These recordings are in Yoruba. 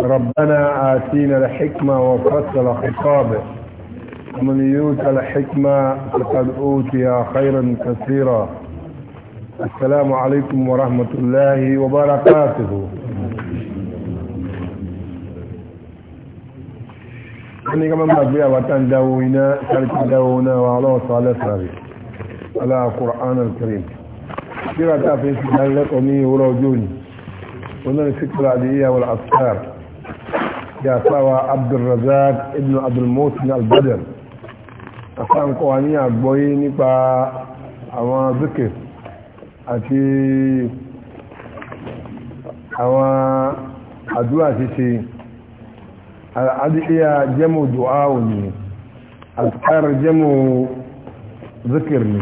ربنا آتينا الحكمة وفصل خطابه ومن يؤت الحكمة فقد أوتي خيرا كثيرا السلام عليكم ورحمة الله وبركاته أني كمان مبيع وطن داوينا شارك داوينا وعلى صلاة ربي على القرآن الكريم كيف تعرف اسم الله ومي ورجوني ونرى فكرة دي والأسكار tí a sáwà abdulrazak ibn abdulmotin albadr àsáǹkọ́ wa ní àgbọ́yé nípa àwọn zikir àti àwọn àdúrà ṣíṣe al'adíyà jẹ́mù du'a òní azkar jẹ́mù zikir ni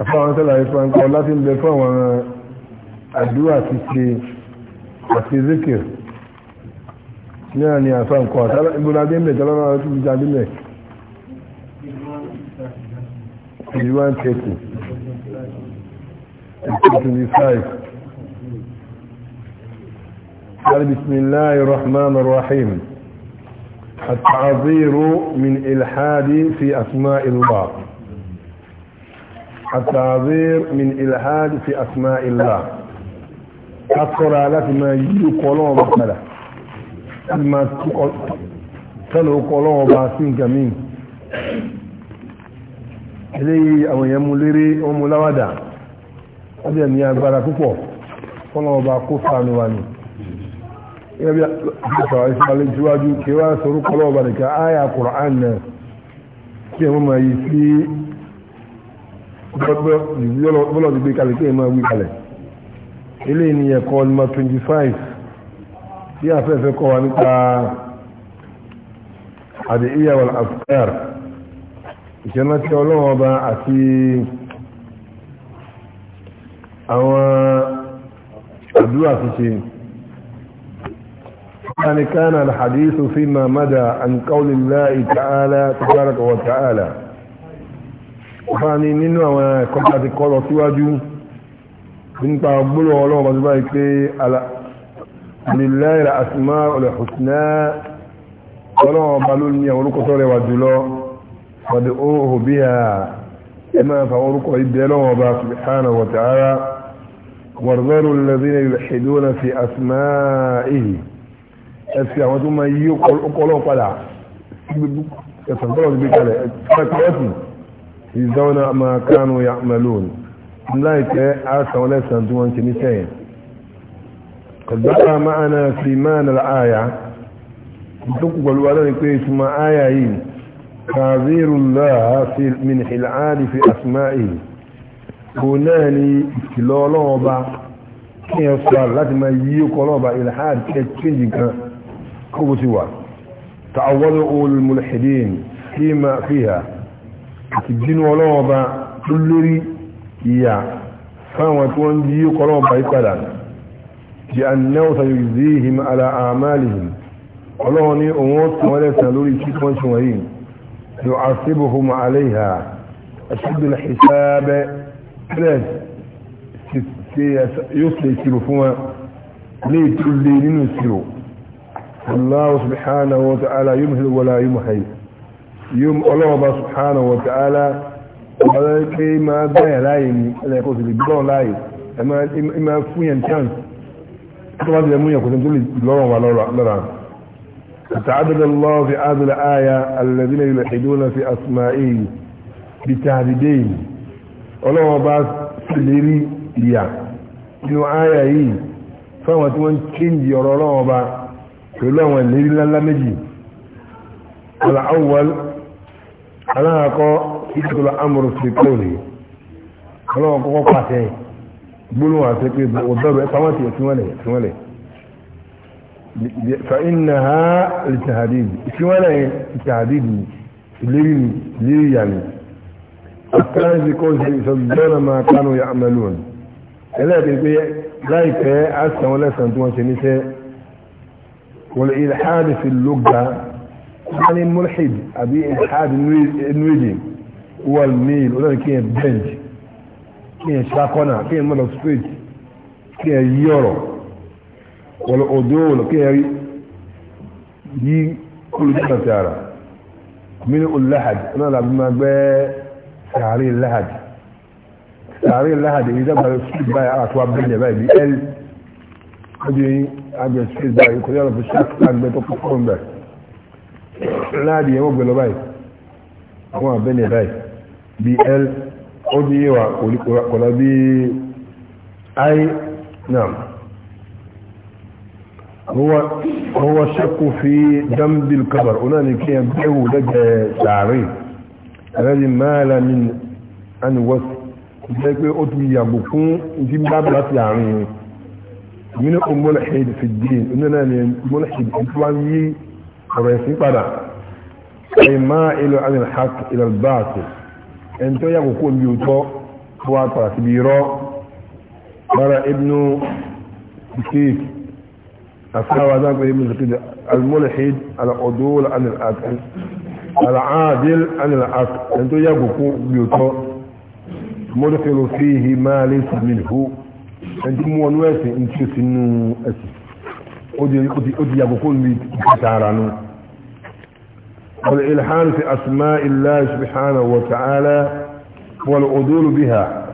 àfáwọn tẹ́lá ìfẹ́ láti ń bẹ fún àwọn àdúrà ṣíṣe àti zikir náà ni àfa nǹkan àtàlà ìbúra dé mẹ́ta lọ́nà ọ̀rọ̀ tóbi jáde mẹ́. eighty one thirty twenty five. بسم الله الرحمن الرحيم التعذير من إلحاد في أسماء الله التعذير من إلحاد في أسماء الله أقرأ لك ما يقولون مثلا láti máa ọba okọ̀ ọlọ́wọ́ bá sí nǹkan míì eléyìí àwọn èèyàn mú léré wọn mú láwàdà wọ́n agbára púpọ̀ ọlọ́wọ́ bá kó sànù wa ni gẹ́gẹ́ bí àṣà ìṣàlẹ̀ kí wá sọ̀rọ̀ kọlọ́wọ́ bá nìkan áyà náà kí tí a fẹ́ fẹ́ kọ́ wa nípa àdìyà wal afkar ìṣẹ́nà tí ọlọ́wọ́n bá àti àwọn àdúrà ṣíṣe يعني كان الحديث فيما مدى عن قول الله تعالى تبارك وتعالى يعني نينو àwọn kọ́ta ti kọ́ lọ síwájú nípa gbólọ̀ ọlọ́wọ́ bá ti báyìí pé لله الأسماء الحسنى ولو بلوني أولوك صلي وجلو فادعوه بها إما فأولوك إبدالوه با سبحانه وتعالى وارذلوا الذين يلحدون في أسمائه أسكى وثم يقول أقولوا قلع يتنطلق بك عليه يزون ما كانوا يعملون لا يتعاسوا ليسا أنتم أنت نسائين قد بقى معنا في معنى الآية تقبل الولد نكوي ثم آيين تعذير الله في من حلعان في أسمائه هناني كلولوبا كي يصال لكن ما يقولوبا إلى حال كتشنجك كبسوا تعوضوا الملحدين فيما فيها تجين ولوبا تلري يا فهو تونجي يقولوبا يقولوبا بأنه سيجزيهم على أعمالهم ولوني أموت ولا سنلوري شكوان شوهين يعصبهم عليها أشد الحساب ثلاث يسلي سلفهما ليه تلي لنسلو الله سبحانه وتعالى يمهل ولا يمحي يوم الله سبحانه وتعالى ولا كي ما بيه لاي لا يقول لي بلون لاي اما اما فوين chance tó wájú ẹmú yẹn kò tó lè lọ́rọ̀ wa lọ́ra تعدد الله في هذه الآية الذين يلحدون في أسمائه بتهديدين ọlọ́wọ́ bá lérí ìyà nínú ayà yìí fáwọn tí wọ́n kíǹjì ọ̀rọ̀ ọlọ́wọ́ bá pẹ̀lú àwọn ìlérí lálá méjì aláwọ̀l aláàkọ́ ìtòlá amúrùsì kóòlì ọlọ́wọ́ kọ́kọ́ pàtẹ́ gbólóhùn àti pé ọ̀dọ́rọ̀ ẹ pamọ́ sí ìfíwọ́lẹ̀ ìfíwọ́lẹ̀ fa iná ha ìtàhàdìdì ìfíwọ́lẹ̀ ìtàhàdìdì ìlérí ni ìlérí yà ni àkàrà sí kọ́ sí ìsọ̀gbọ́n máa kánú ya amẹ́lùwọ̀n ẹlẹ́ẹ̀kẹ́ pé láìpẹ́ á sàn wọ́n lẹ́sàn tí wọ́n ṣe níṣẹ́ wọlé ìlhàdì fi lóga wọ́n ní mulhid àbí ìlhàdì nuwéjì wọ́n ní ìlú náà kí kí ẹ ṣakọ́nà kí ẹ mọ́lọ straight kí ẹ yí ọ̀rọ̀ wọ̀lọ̀ ọ̀dọ́ wọ̀lọ̀ kí ẹ yí olùdíjọ́ ti ara mínú olùláhàd náà làbí máa gbẹ́ sàárè láhàd sàárè láhàd èyí dábàá street báyìí àti wà bẹ́ẹ̀ báyìí bí l ọdún yìí àgbẹ̀ báyìí kò yára fi shark tank tó kọ́ fún bẹ́ẹ̀ láàdì ẹ̀wọ̀n gbẹ lọ báyìí àwọn àbẹ́ẹ̀ báyìí bí l ó di yíwa kọ̀lá bí i náà هو الشك في ذنب الكبر هنالك يبدعه لك تعريف الذي مال من أن وسط ذلك أتبي يبقون في باب الأسلامين من الملحد في الدين إننا الملحد إسلامي ورئيسي فلا أي مائل عن الحق إلى الباطل ẹni tó yàgò kó mi ò tọ́ tó wá padà síbi irọ́ bára ibnu sikik asáwà náà pé ibnu sikik almulhid al'adul anil'akil al'adil anil'akil ẹni tó yàgò kó mi ò tọ́ mọ́dọ̀kẹ́lò fíhì máa lè sàmìlìhó ẹni tí mú ọnú ẹ̀sìn ń tí ó sínú ẹ̀sìn ó ti yàgò kó mi ìkàtà ara والإلحان في أسماء الله سبحانه وتعالى والعدول بها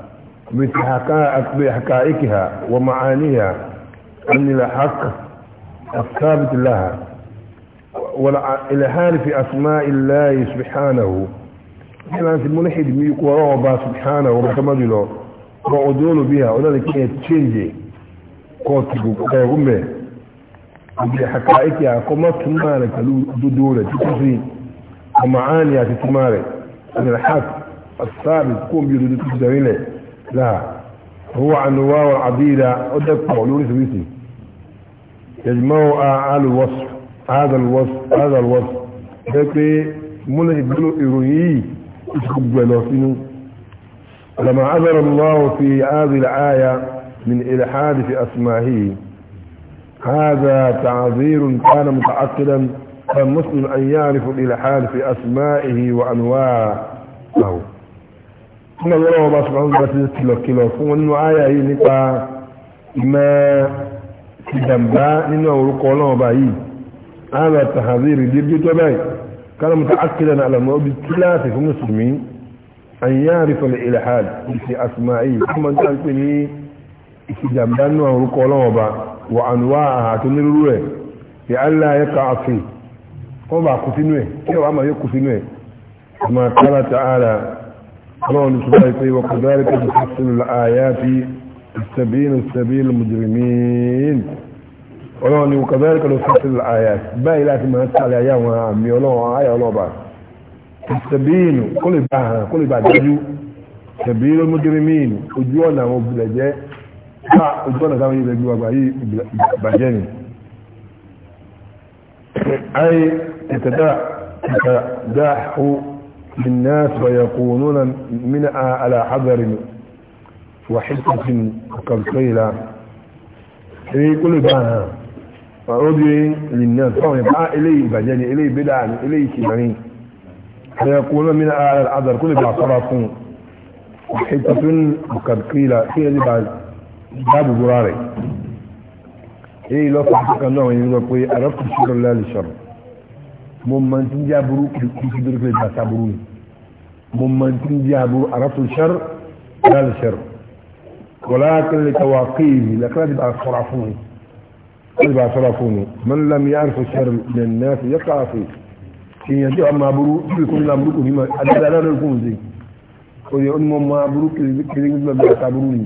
بحقائقها ومعانيها أن الحق الثابت لها والإلحان في أسماء الله سبحانه الآن في المنحيد ميقوى رعبا سبحانه ومتمدله وعدول بها وذلك كي تشنجي قوتك وقوم بحكائكها قمت مالك دولة تكسين ومعاني تتماري أن الحق الثابت كون بيرد تجدرين لا هو عن أنواع العديدة أدك قولوني سبيسي يجمعوا على الوصف هذا الوصف هذا الوصف ذكي من يبلو إروي يشكب فينه لما عذر الله في هذه الآية من إلحاد في أسمائه هذا تعذير كان متعقدا فالمسلم أن يعرف الإلحاد في أسمائه وأنواعه ثم الله الله سبحانه وتعالى كيلو كيلو فون آية نقا ما تدنبا إنه ورقو الله باي على التحذير ديرجي تباي كان متأكدا على المؤمن بالثلاثة في المسلمين أن يعرف الإلحاد في أسمائه ثم كان كني تدنبا نينو ورقو الله وأنواعها تنرره لألا يقع فيه kọ́ bá kú sínú ẹ̀ kí ẹ̀ wá máa yẹ kú sínú ẹ̀ ọmọ kára ta ara ọlọ́run ní ṣùgbọ́n ìpè wọ́n kọjá rẹ̀ kọjú sí sínú àyà ti ìsẹ̀bíìn ìsẹ̀bíìn mùjìrìmíìn ọlọ́run ní kọjá rẹ̀ kọjú sí sínú àyà báyìí láti máa tàlẹ̀ àyà àwọn àmì ọlọ́run àyà ọlọ́ba أي يتداع يتداح للناس ويكونون من على حذر وحكمة وكالقيلة كل بها فاودي للناس فهو يبقى إليه بجاني إليه بدعا إليه كماني فيقولون من على الحذر كل بها بعصراتهم وحكمة وكالقيلة في دي بعد باب براري ايه لو صحتك النوع يقول عرفت الشر لا للشر mo mọ tí ń jẹ́ aburú kìí dúró kílẹ̀ gbàtà aburú ni mo mọ tí ń jẹ́ aburú arafu ṣar láti ṣar wọlá kílẹ̀ kawà kéèyì lẹ́kọ́lá ti bá sọ́ra fún mi kílẹ̀ bá sọ́ra fún mi mọ́n lam yá arafu ṣar lẹ́ nẹ́ẹ̀sì yẹ káà fi kìyàn tí wà má aburú kí kò ní aburú kò ní ma adada lọ́dọ̀ kò ní o yẹ onímọ̀ mọ aburú kìlẹ̀ kílẹ̀ gbàtà aburú ni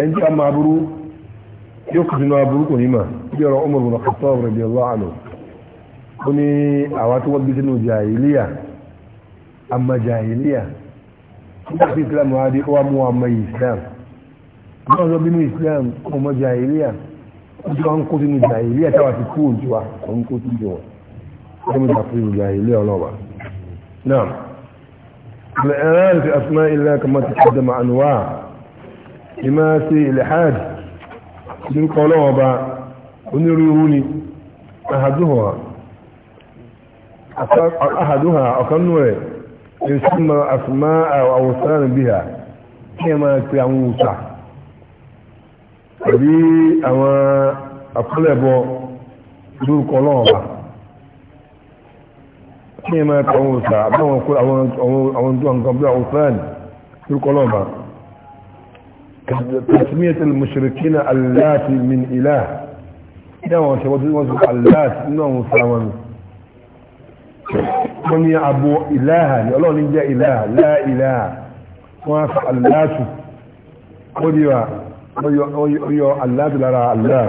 ẹni tí wà má aburú yóò kìlẹ̀ aburú kò ní ma bí ọ̀rọ̀ Umar bin Khattab radiyallahu anhu ó ní àwa tó wọ́n bí sínú jàìlíà àmà jàìlíà nígbà tí islam wá dé ó wá mú àmà islam náà lọ bínú islam ọmọ jàìlíà ó ti wá ń kó sínú jàìlíà táwa ti kú òjò wa ó ń kó sínú wọn ó mú ìjà fún jàìlíà ọlọ́wà náà الإعلان في أسماء الله كما تقدم أنواع لما في الإلحاد من قولوا بقى ونريوني أحدها أحدها أقنوه يسمى أسماء وأوثان بها كما تعموسا àbí àwọn àkọlẹ̀bọ lórúkọ lọ́wọ́ bá kí ẹ máa kàwọn òsà àbáwọn àwọn tó nǹkan bí àwọn òsàn lórúkọ lọ́wọ́ bá tasmiyat al-mushrikina allati min ilah ní àwọn ṣe wọ́n tí wọ́n sọ allati nínú àwọn òsà wọn wọ́n ní abo ìlàhà ní ọlọ́run ní jẹ́ ìlàhà láìláhà wọ́n á fa aláàtù ó di wa ọyọ aláàtù lára aláà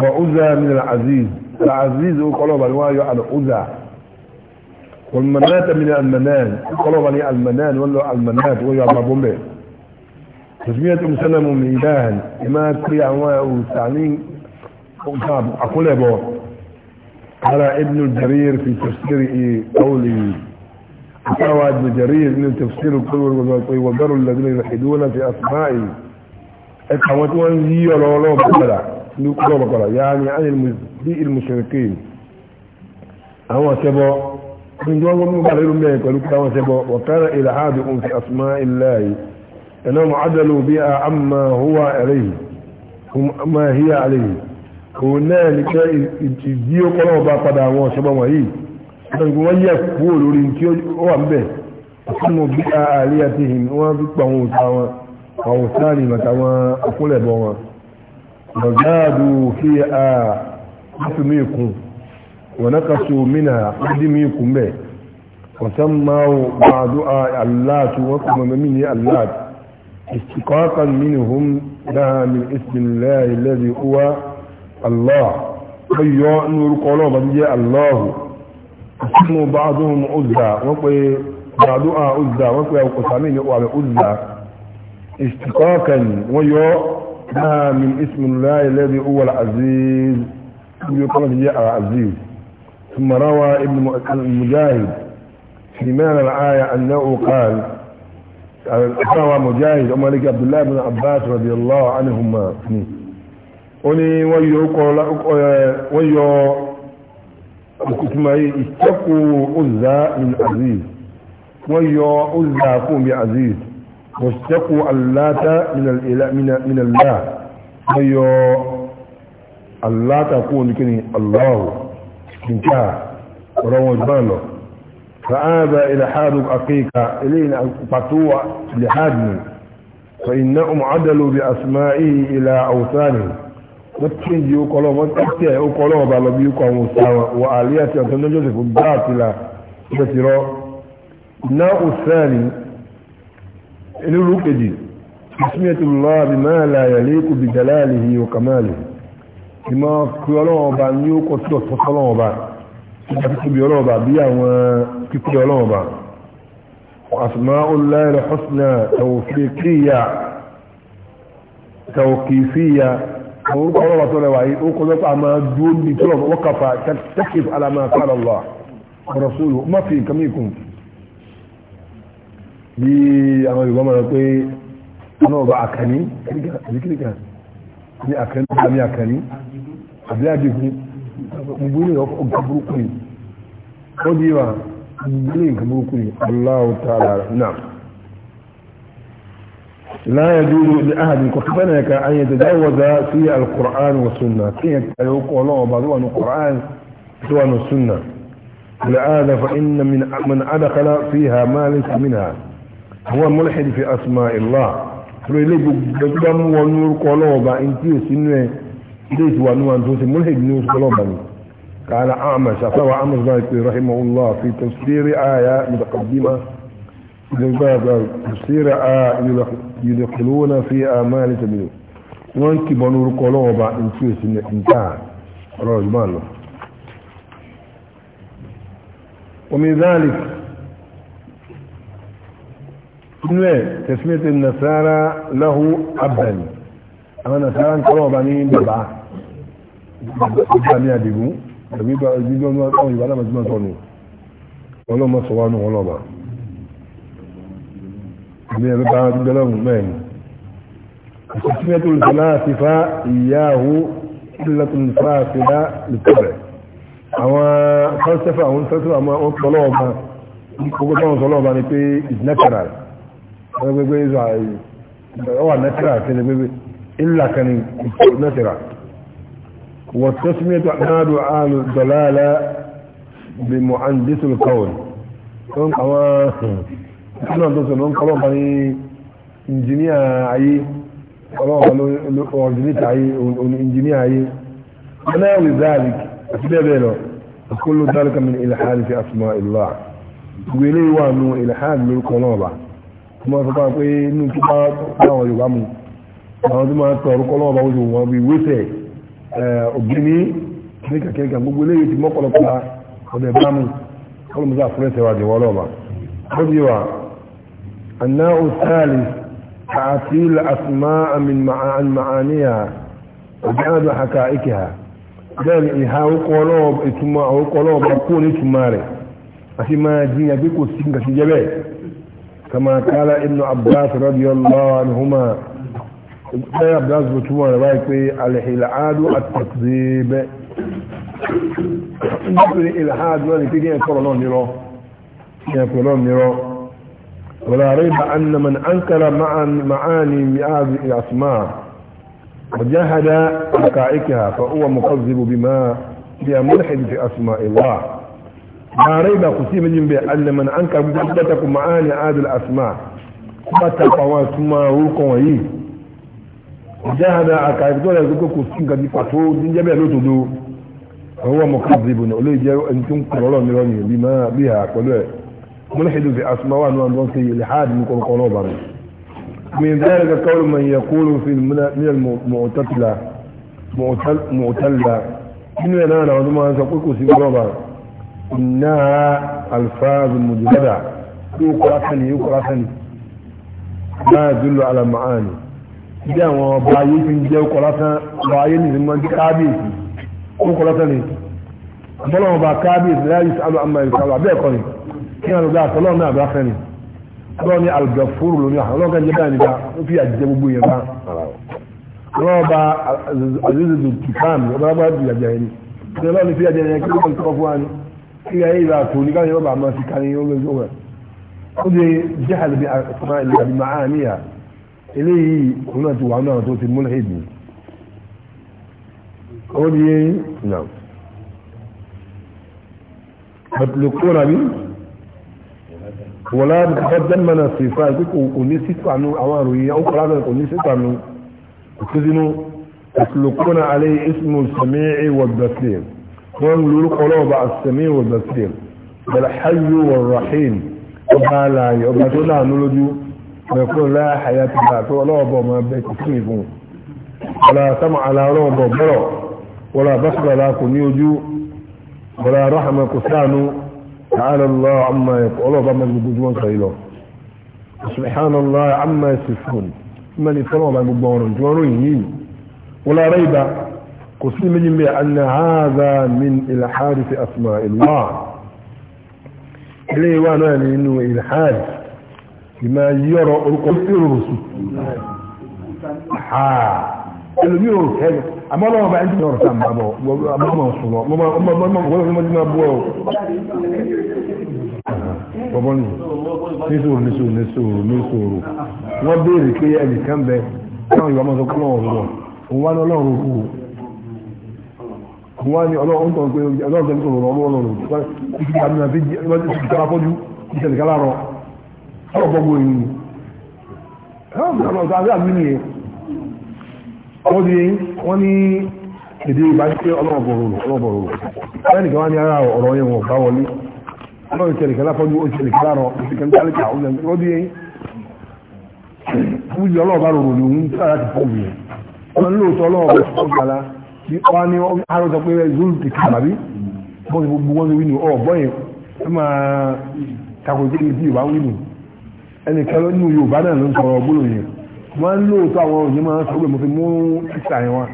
bọ̀ ọzà ní aziz aziz ó kọlọ̀ bàní wọ́n á yọ alọ́zà wọ́n mọ̀nàtà mi ní almanan kọlọ̀ bàní almanan wọ́n lọ almanan wọ́n yọ àbábọ́mbẹ̀ tòsíyẹ́ tó ń sẹ́nà mọ̀ mi ìlàhà ní ìmáà pé àwọn òsà ní ọkàn àkúlẹ̀ bọ̀ على ابن الجرير في تفسير قوله قال ابن جرير من تفسير القول وذروا الذين يلحدون في أسمائه اتحوت وانزي ولولو بقلا نقلو بقلا يعني عن المسيء المشركين هو سبو من جواب المبرر منك ولكن سبو وكان إلحاد في أسماء الله أنهم عدلوا بها عما هو عليه هم ما هي عليه òun náà ní pé ìtìjí ó kọ́ lọ́wọ́ bá padà àwọn ọ̀ṣọ́bọ̀ wọ̀nyí nígbà wọ́n yẹ kúrò lórí tí ó wà ń bẹ̀ fún bí ààrí àti hìn wọ́n fi pa àwọn òta wọn àwọn òta ní àtàwọn akúnlẹ̀bọ̀ wọn lọ́gáàdù fi à láti mí kún wọ́n náà kàṣù mínà láti mí kún bẹ̀ wọ́n tán máa máa dú aláàtú wọ́n kò mọ̀ mí ní aláàtú استقاقا منهم لها من اسم الله الذي هو الله ايو نور قولوا بدي الله اسموا بعضهم عزة وقي بعضها عزة وقي وقسامين يقوى عزة اشتقاقا ويو ما من اسم الله الذي هو العزيز يقول بدي العزيز ثم روى ابن المجاهد في معنى الآية أنه قال روى مجاهد أمالك عبد الله بن عباس رضي الله عنهما ó ní wọ́n yọ wọ́n yọ ìkùtùmọ̀ yìí ìtẹ́kù ọ̀zà min aziz wọ́n yọ ọ̀zà fún bí aziz wọ́sítẹ́kù aláta min alá wọ́n yọ aláta kú ní kíni aláwò kìkà rọwọ́n jùmọ́ lọ فآبى إلى حادك أقيك إليه قطوع لحادني فإنهم عدلوا بأسمائه إلى أوثانه wọ́n ti ń di okọ̀ lọ́wọ́ wọ́n ti tẹ̀ okọ̀ lọ́wọ́ bá lọ bí okọ̀ àwọn òsà wọn wọ àlẹ́ àti ọ̀tọ́ ní joseph bá àtìlà ṣe ti rọ iná òsèlì elérú kejì ìsúnyẹtì lọ́wọ́ àbí máa la yàlẹ́ kò bí jàlá àlèyé ọkà máa lè ìmọ̀ kí ọlọ́wọ́ bá ní okọ̀ tí ọ̀tọ́ sọ́lọ́wọ́ bá ìjà kíkúbi ọlọ́wọ́ bá bí àwọn kíkúbi ọlọ́wọ́ bá أسماء الله الحسنى توفيقية توقيفية àwọn orúkọ ọlọ́wọ́ tó rẹwà yìí ó kọjọ́ pé a máa dúró ní tí wọ́n wọ́n kàfà tẹ́kì alama kàlọ́ lọ ọ̀rọ̀ sóòlù má fi nǹkan mìíràn kùn bí àwọn yorùbá máa pé ọlọ́wọ́ bá àkànní kíríkà ní àkànní àmì àkànní àbí àdìgún gbogbo ní ọkọ̀ burúkú ni ó di wa gbogbo ní nǹkan burúkú ni aláwọ̀ tààlà náà لا يجوز لأحد كفنك أن يتجاوز في القرآن والسنة كي يقول الله بعض القرآن سوى السنة لهذا فإن من من أدخل فيها ما ليس منها هو ملحد في أسماء الله فليلي بقدم ونور قلوبا انتي ليس ونور ملحد نور قلوبا قال أعمش أصاب أعمش رحمه الله في تفسير آية متقدمة ìsira a yìlẹ̀kùlúwọ́nà fi àmà ní tàbí wọ́n kì bọ́ lórúkọ lọ́wọ́ bá ń tí èsì nìta ọ̀rọ̀ ìjùmọ̀ lọ omi zalik inú ẹ̀ tẹ̀sílẹ̀tẹ̀ nasara lahu abdani àwọn nasara ń kọ́lọ̀ bá ní bàbá bàbá ní àdìgún tàbí bá ìgbìgbọ́n ọlọ́mọ sọ̀wọ́nù ọlọ́mọ ní ẹ̀rọ bá ń gbẹ́lọ́ mẹ́rin ìfẹ́síwẹ́tò ìfẹ́láàfífá ìyáhó ìlẹ́tùn ìfẹ́láàfífá ìtọ́rẹ̀ àwọn fẹ́sẹ́fà àwọn fẹ́sẹ́fà àwọn ọlọ́ọ̀bá gbogbo táwọn sọlọ́ọ̀bá ni pé is natural gbogbo ìzọ ọwà natural kẹ́lẹ̀ gbogbo ìlà kan natural wọ́n nínú ọ̀dọ́ sọ̀rọ̀ ń kọ́lọ́ kan ní ìnjìníà ayé ọlọ́ọ̀kan ló ọ̀dìníta ayé òní ìnjìníà ayé ọ̀nà ẹ̀rù dáàlì àti bẹ́ẹ̀ bẹ́ẹ̀ lọ ọ̀kọ́lù dáàlì kan ní ìlàhàlì fi àtúmọ̀ ìlú à gbogbo eléyìí wà nù ìlàhàlì lórúkọ náà bá ọmọ sọ pé pé inú tó bá dáwọn Yorùbá mu àwọn tó máa tọ̀ orúkọ náà bá wọ́n ti wọ́n bí wẹ́sẹ̀ eh, ògbéni kíníkàkíníkà gbogbo eléyìí ti mọ́kànlọ́pàá النوع الثالث تعطيل أسماء من معان معانيها وجعل حكائكها ذلك إيهاو قلوب إتما أو قلوب يكون إتماري أسماء جينا بيكو سنك سجبه كما قال ابن عباس رضي الله عنهما ابن عباس بتوما روايك الحلعاد التكذيب nítorí ìlàhádùn ní kí ní ẹ̀kọ́ ọlọ́run nírọ́ ولا ريب أن من أنكر مع معاني مئات الأسماء وجهد حقائقها فهو مكذب بما هي ملحد في أسماء الله لا ريب قسيم جنبه أن من أنكر بجدتك معاني هذه الأسماء فتقوى ثم ويقوى وجهد حقائق دولة يقول قسيم قد يفتحوا لو تدو فهو مكذب وليه جاء أن تنكر بما بها قلوه ملحد في أسماء وأنوانته لحاد من كل قلوب من ذلك قول من يقول في من المعتلة معتلة من أنا عندما سأقول سيبرا إنها ألفاظ مجردة يقرأتني يقرأتني ما يدل على معاني bí àwọn ọba ayé fi ń jẹ́ ọkọ̀ lásán ọba ayé ní ìsinmi ọdún káábíyèsí ọkọ̀ lásán ni ọmọlọ́wọ́ ọba káábíyèsí láyé sábà àmà ìsáwà bẹ́ẹ̀ kọ́ ni kí wọn lọ́gbà àtọ́lọ́ náà bá fẹ́ ni ọlọ́run ní algafuru lónìí ọlọ́run kan jẹ́ báyìí nígbà ó fi àjẹjẹ gbogbo yẹn bá ọlọ́run bá azizu tukam ọlọ́run bá fi àjẹjẹ yẹn ni ọlọ́run fi àjẹjẹ yẹn kí wọ́n tọ́ fún wa ni kí wọ́n yẹ ìlà tó ní káwọn yẹn bá máa fi kárí ó lójú wẹ̀ ó di jihad bí asọ́mà ilẹ̀ àbí máa eléyìí òun náà ti wà náà tó ti múlẹ̀ èdè ó wọ́lá bọ́dẹ́mọ̀nà sífà ìpé kò ní sífànú àwọn àròyìn ó kọ́lá bẹ̀rẹ̀ kò ní sífànú ìkúsínú ìsìlòkúnà alẹ́ ìsìnú sẹ̀mí wọ̀dọ̀síl wọ́n lórúkọ lọ́ọ̀bà sẹ̀mí wọ̀dọ̀síl bẹ̀rẹ̀háyò wọ̀rọ̀hìn ọba aláàyè ọba tó láàánú lójú mẹ́kún láàáyà ti gbà tó ọlọ́ọ̀bọ̀ ọmọ bẹ́ẹ̀ ti fún ìfún wọ́lá sámà alárọ̀ọ̀bọ̀ bọ́rọ̀ wọ́lá تعالى الله عما يقول الله ما يقول جوان سبحان الله عما يصفون ما يقول الله يقول جوان ولا ريب قسم بأن هذا من إلحاد في أسماء الله إليه وانا لأنه يعني إلحاد بما يرى القصير الرسول ها ẹlòmí ò ẹ̀rọ àmọ́lọ́wọ́ bá ẹni tí ọ̀rọ̀ sàmà bọ̀ ọmọ ọ̀sùnwọ̀ ọmọ nísòrò nísòrò nísòrò nísòrò wọ́n béèrè pé ẹnìkan bẹ káwọn ìwà mọ́sọ kúrò ọ̀rọ̀ òun wá ní ọlọ́run kú òun wá ní ọlọ́run tó ń pè ọlọ́run tó ń sọ̀rọ̀ ọmọ ọlọ́run ìṣẹ̀lẹ̀ kan náà fi ìṣẹ̀lẹ̀ kan fọ́jú ìṣẹ̀lẹ̀ kan lárọ̀ ọ̀rọ̀ gbogbo èyí ni ọlọ́run tó ń sọ wọ́n di wọ́n ní èdè ìbáṣepẹ́ ọlọ́bọ̀rọ̀ lẹ́nì kan wá ní ara ọ̀rọ̀ yẹn wọ̀n bá wọlé ọlọ́run ìṣẹ̀lẹ̀ kan láfọ́jú ó ṣẹlẹ̀ kan láàrọ̀ òṣìṣẹ́ kan tálẹ̀ kà ó lẹ́nu wọ́n di fújì ọlọ́ọ̀bá rò lòun sára ti fọ́ mi wọ́n lóòótọ́ ọlọ́ọ̀bá tó gbala wá ní arọ́ sọ pé zulu ti náà ló ń sọ̀rọ̀ gbólóyìn wọ́n ń lóòótọ́ àwọn òyìn máa ń sọ pé mo fi mú títà yẹn wọn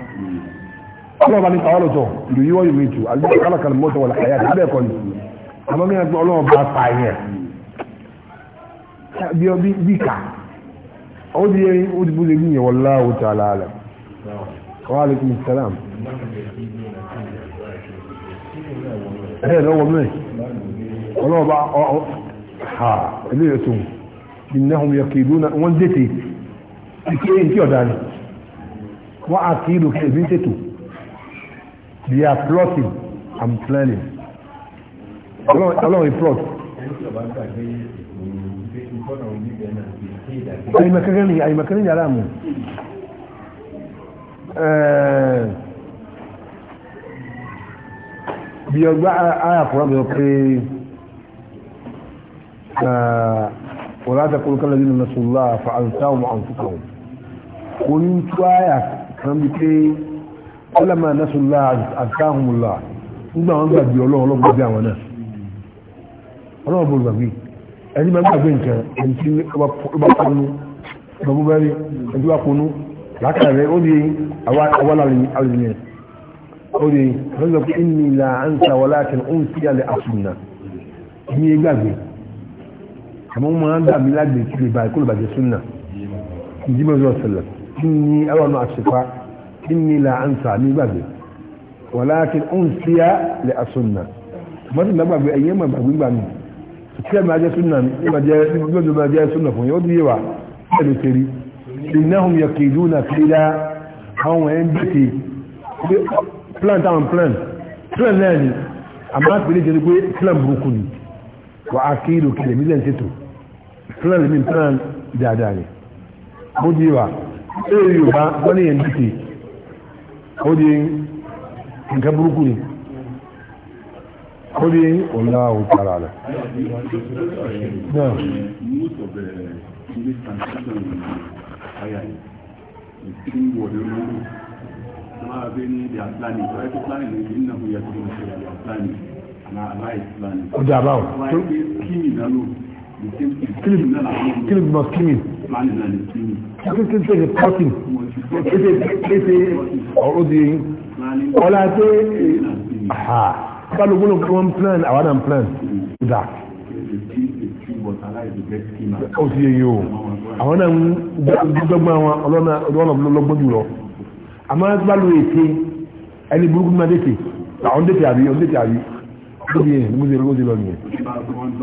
ọlọ́ọ̀bá ní pàwọ́ lọ́tọ̀ ìlú yíwọ́ ìlú ètò àdúgbò kálákàlù mọ́tò wà láyà tí bẹ́ẹ̀ kọ́ ni àmọ́ mi àti ọlọ́wọ́ bá pa yẹn bí kà ó di yẹn ó di bó ṣe gbìyànjú wallahu ta'ala alam wa alaikum salam. ẹ lọ́wọ́ mi ọlọ́wọ́ bá ha ilé ètò yẹ kì í dé tètè ìkéré ní ọ̀dà rẹ̀ wọ́n á kí ìlú kẹ́ẹ̀bí ń tètò they are plotting and planning ọlọ́run plot àyìmọ̀kẹ́rẹ́ ni àyìmọ̀kẹ́rẹ́ ni aláàmù bí ọgbà ayàkùnrin bẹ̀rẹ̀ pé ولا تقولوا كالذين نسوا الله فأنساهم أنفسهم kò ní tú àyà kan bí pé ọlọ́mà nasùlá àtàhùnmùlá nígbà wọn gbàgbé ọlọ́run ọlọ́run gbàgbé àwọn náà ọlọ́run bó gbàgbé ẹni máa gbàgbé nǹkan ẹni tí ọba kọnu ọba bẹ́rẹ̀ ẹni tí ọba kọnu lákàrà rẹ ó di àwọn alìyẹn ó di ọjọ́ pé ní ìlà àǹsà wọlá kí ó ń sí àlẹ́ àṣùnà ní gbàgbé àmọ́ wọn máa ń dàbí lágbè kí lè bá ìkólùbàjẹ́ súnà ìdí mọ́jọ́ sẹlẹ̀ inni awanu asifa inni la ansa ni gbàgbé walakin unsiya li asunna mọ́tí ní gbàgbé ẹ̀yẹ́ mà gbàgbé gbà mí tí ẹ máa jẹ́ sunna ní ìgbà jẹ́ gbọ́dọ̀ máa jẹ́ sunna fún yóò díye wa ẹ̀ lè tẹ̀rí innahum yakiduna qila àwọn ẹ̀ ń bèkè pé plan táwọn plan plan náà ni àmọ́ àpèlè jẹ́ pé plan burúkú ni wà á kí ìlú kìlẹ̀ tètò plan mi plan dáadáa ni ó díye wa ẹ̀rọ yorùbá wọ́n ní yẹn dìtì ó di nǹkan burúkú ni ó di ọ̀la ndị rẹ̀. Náà bí ndị ìdí àtìláàní, ọ̀rẹ́ tí ndị ní ìdí náà kò yẹ kí wọ́n ṣe ìdí àtìláàní, àmà àbáyé planning. Ó jẹ́ killing Kill, killing killing killing ṣe cutting ṣe ṣe ọ̀rọ̀ di eyín ọ̀la ṣe ha kálukú ló kọ́ plan àwọn àwọn plan dá ó ti yẹ yìí o àwọn náà ń dọ́gbọ́n àwọn ọlọ́nà ọlọ́gbọ́n jùlọ àmọ́ bá lo ète ẹni burúkú máa dẹ́tẹ̀ àwọn dẹ́tẹ̀ àbí ọ̀dẹ́tẹ̀ àbí lórí ẹ̀ ní mọ́sẹ̀ lọ́gbọ́n lọ́nà ẹ̀. bàbá náà ọlọ́run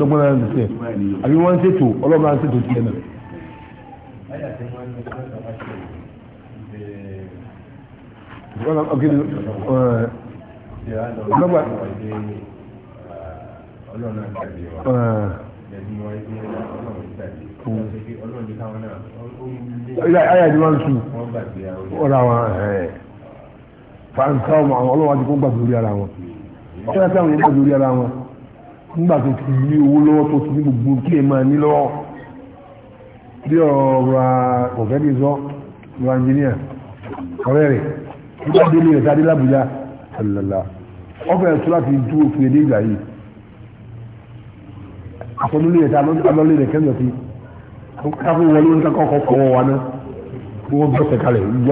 dọ́gbọ́n náà ti tẹ̀ àbí wọ́n ń ṣètò ọlọ́run náà ń ṣètò tiẹ̀ náà. ọlọ́run náà ń tẹ̀lé wa ayé àdìmọ́ nsú ọ̀rọ̀ àwọn ẹ̀ẹ́. fàǹkà ọmọ àwọn ọlọ́wọ́ ajé kó gbàgbé orí ara wọn ọ̀pẹ́ àti àwọn orí ara wọn nígbà tó ti yí owó lọ́wọ́ tó ti ní gbogbo kí ẹ máa ní lọ́wọ́ bí ọ̀rọ̀ sọ ẹnjìníà ọ̀rẹ́ rẹ̀ nígbà délé rẹ̀ ọ̀fẹ́ ẹ̀ tó láti òfin ìgbà yìí rẹ̀ alọ́lé rẹ̀ kẹ́ńdọ̀ káfíń wọlé fọwọ́ wa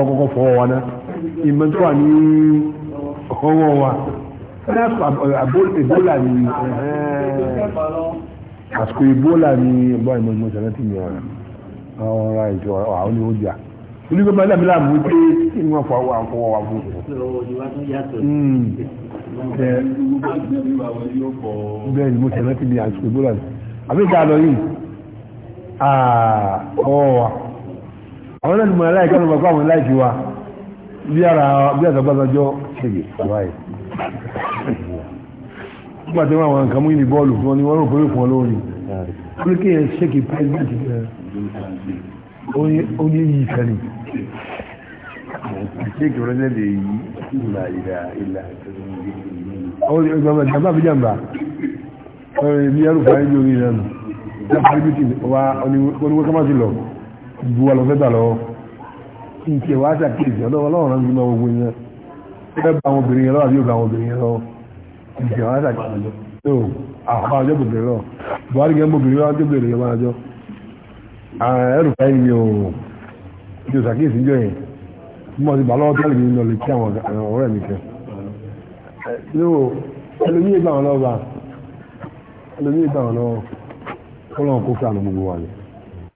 gbogbo ìmọ̀ tó wà ní ọwọ́ wa ebola ni àsìkò ebola ni ẹ̀bọ́n ìmọ̀ ìmọ̀ ìṣẹ̀lẹ̀ ti yàn àwọn ará ìjọ àwọn ní ọjà olùgbé máa lábẹ́ láàmú pé kí wọ́n fọ àwọn àfọwọ́ wa fún un. Hmm. bẹ́ẹ̀ ni mo ṣẹlẹ̀ ti di àsìkò ebola ni àbí ìta lọ yìí ọwọ́ wa àwọn náà ni mo aláìka ló bá fún àwọn aláìsí wa bí ara bí àtàgbàgbàjọ́ ṣègbè àbáyé nígbà tí wọ́n àwọn nǹkan mú ní bọ́ọ̀lù fún ọ ni wọ́n rò pé fún ọ lórí pé kí ẹ ṣèkì pẹ́ẹ́sìmẹ́ǹtì ó ní yìí kan ni. ṣèkì rẹ́lẹ́dẹ̀ yìí ìlà ìlà ìlà ìgbàgbà ìjàmbá fi jàmbá ọ̀rẹ́ ní ẹrù fún ayé orí rẹ̀ nù. wọ́n fi bí kí wọ́n ní wọ́n kọ́ máa ti lọ bu àlọ́fẹ́ gbà lọ́wọ́ nǹkẹ́ wá ṣàkíyèsí ọlọ́run rán mi máa gbogbo yẹn fẹ́ bá àwọn obìnrin yẹn lọ́wọ́ àbí ògbà àwọn obìnrin yẹn lọ́wọ́ nǹkẹ́ wá ṣàkíyèsí tó àwọn àjọ obìnrin lọ buhari gẹ́gẹ́ obìnrin wọn àjọ obìnrin yẹn máa jọ ẹrù fẹ́ mi ò ti ò ṣàkíyèsí jọ yẹn bí wọ́n ti bá lọ́wọ́ tẹ́lẹ̀ mi lọ lè kí àwọn ọ̀rẹ́ mi kẹ́ ẹlòmíì gbà wọn lọ́wọ́